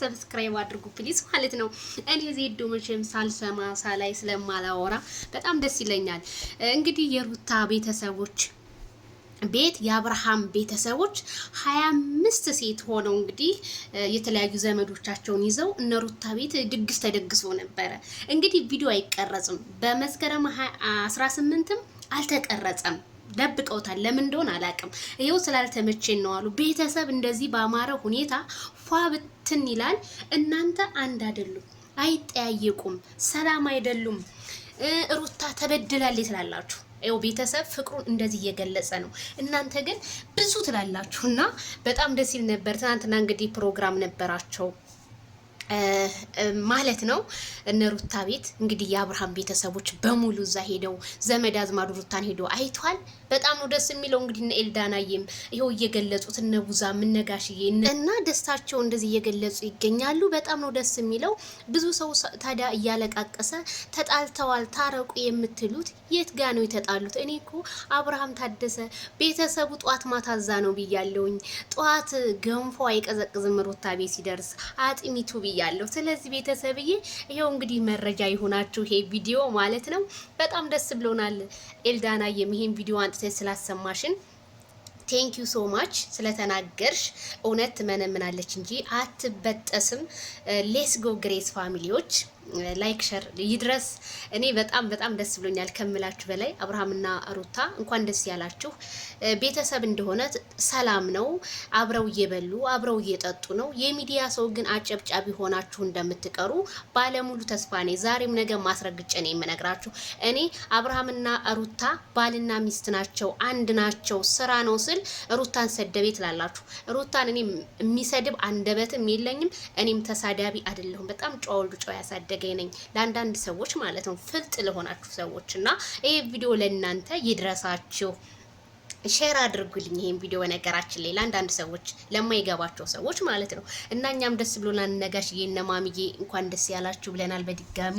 ሰብስክራይብ አድርጉ ፕሊዝ ማለት ነው። እኔ ዜዶ መቼም ሳልሰማ ሳላይ ስለማላወራ በጣም ደስ ይለኛል። እንግዲህ የሩታ ቤተሰቦች ቤት የአብርሃም ቤተሰቦች ሀያ አምስት ሴት ሆነው እንግዲህ የተለያዩ ዘመዶቻቸውን ይዘው እነ ሩታ ቤት ድግስ ተደግሶ ነበረ። እንግዲህ ቪዲዮ አይቀረጽም። በመስከረም አስራ ስምንትም አልተቀረጸም። ደብቀውታል። ለምን እንደሆነ አላውቅም። ይኸው ስላልተመቼን ነው አሉ ቤተሰብ እንደዚህ በአማረ ሁኔታ ፏ ብትን ይላል። እናንተ አንድ አይደሉም፣ አይጠያየቁም፣ ሰላም አይደሉም። ሩታ ተበድላል ትላላችሁ። ይኸው ቤተሰብ ፍቅሩን እንደዚህ እየገለጸ ነው። እናንተ ግን ብዙ ትላላችሁ እና በጣም ደስ ይል ነበር። ትናንትና እንግዲህ ፕሮግራም ነበራቸው ማለት ነው። እነ ሩታ ቤት እንግዲህ የአብርሃም ቤተሰቦች በሙሉ እዛ ሄደው ዘመድ አዝማዱ ሩታን ሄዶ አይተዋል። በጣም ነው ደስ የሚለው። እንግዲህ እነ ኤልዳናዬም ይኸው እየገለጹት እነ ቡዛ ምነጋሽዬ እና ደስታቸው እንደዚህ እየገለጹ ይገኛሉ። በጣም ነው ደስ የሚለው። ብዙ ሰው ታዲያ እያለቃቀሰ ተጣልተዋል፣ ታረቁ የምትሉት የት ጋ ነው የተጣሉት? እኔ እኮ አብርሃም ታደሰ ቤተሰቡ ጠዋት ማታዛ ነው ብያለውኝ። ጠዋት ገንፎ አይቀዘቅዝም ሩታ ቤት ሲደርስ አጥሚቱ ብያ ብያለሁ። ስለዚህ ቤተሰብዬ ይኸው እንግዲህ መረጃ ይሆናችሁ ይሄ ቪዲዮ ማለት ነው። በጣም ደስ ብሎናል ኤልዳና የሚሄን ቪዲዮ አንጥተን ስላሰማሽን ቴንክ ዩ ሶ ማች ስለተናገርሽ። እውነት ትመነምናለች እንጂ አትበጠስም። ሌስ ጎ ግሬስ ፋሚሊዎች ላይክ ሸር ይድረስ። እኔ በጣም በጣም ደስ ብሎኛል ከምላችሁ በላይ አብርሃምና ሩታ እንኳን ደስ ያላችሁ። ቤተሰብ እንደሆነ ሰላም ነው። አብረው እየበሉ አብረው እየጠጡ ነው። የሚዲያ ሰው ግን አጨብጫቢ ሆናችሁ እንደምትቀሩ ባለሙሉ ተስፋ ነኝ። ዛሬም ነገ ማስረግጬ ነው የምነግራችሁ። እኔ አብርሃምና ሩታ ባልና ሚስት ናቸው፣ አንድ ናቸው፣ ስራ ነው ስል ሩታን ሰደቤ ትላላችሁ። ሩታን እኔ የሚሰድብ አንደበትም የለኝም። እኔም ተሳዳቢ አይደለሁም። በጣም ጨዋ ወልዱ ጨዋ ያሳደገ ፈለገኝ ነኝ ለአንዳንድ ሰዎች ማለት ነው፣ ፍልጥ ለሆናችሁ ሰዎች እና ይሄ ቪዲዮ ለእናንተ ይድረሳችሁ። ሼር አድርጉልኝ ይሄን ቪዲዮ ነገራችን ላይ ለአንዳንድ ሰዎች ለማይገባቸው ሰዎች ማለት ነው። እና እኛም ደስ ብሎናል። ነጋሽዬ እነ ማሚዬ እንኳን ደስ ያላችሁ ብለናል በድጋሚ